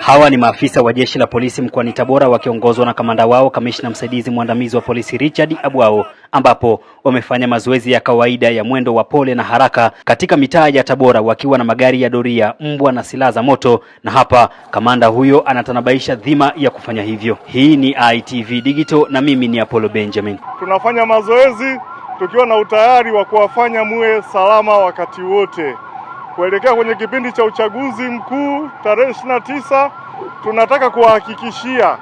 Hawa ni maafisa wa jeshi la polisi mkoani Tabora wakiongozwa na kamanda wao kamishna msaidizi mwandamizi wa polisi Richard Abwao, ambapo wamefanya mazoezi ya kawaida ya mwendo wa pole na haraka katika mitaa ya Tabora wakiwa na magari ya doria, mbwa na silaha za moto, na hapa kamanda huyo anatanabaisha dhima ya kufanya hivyo. Hii ni ITV Digital na mimi ni Apollo Benjamin. Tunafanya mazoezi tukiwa na utayari wa kuwafanya muwe salama wakati wote kuelekea kwenye kipindi cha uchaguzi mkuu tarehe ishirini na tisa, tunataka kuwahakikishia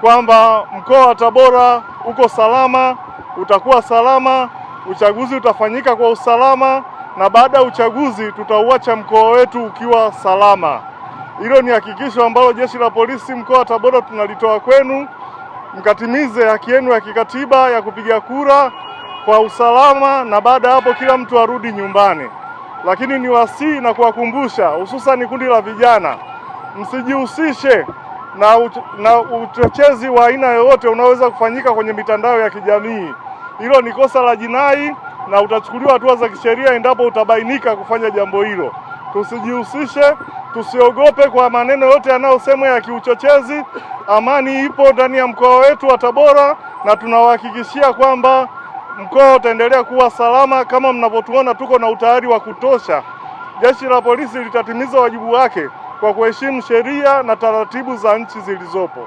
kwamba mkoa wa Tabora uko salama, utakuwa salama, uchaguzi utafanyika kwa usalama, na baada ya uchaguzi tutauacha mkoa wetu ukiwa salama. Hilo ni hakikisho ambalo jeshi la polisi mkoa wa Tabora tunalitoa kwenu, mkatimize haki yenu ya kikatiba ya kupiga kura kwa usalama, na baada ya hapo kila mtu arudi nyumbani lakini ni wasii na kuwakumbusha hususani kundi la vijana msijihusishe na, na uchochezi wa aina yoyote unaoweza kufanyika kwenye mitandao ya kijamii. Hilo ni kosa la jinai na utachukuliwa hatua za kisheria endapo utabainika kufanya jambo hilo. Tusijihusishe, tusiogope kwa maneno yote yanayosemwa ya kiuchochezi. Amani ipo ndani ya mkoa wetu wa Tabora na tunawahakikishia kwamba mkoa utaendelea kuwa salama. Kama mnavyotuona, tuko na utayari wa kutosha. Jeshi la polisi litatimiza wajibu wake kwa kuheshimu sheria na taratibu za nchi zilizopo.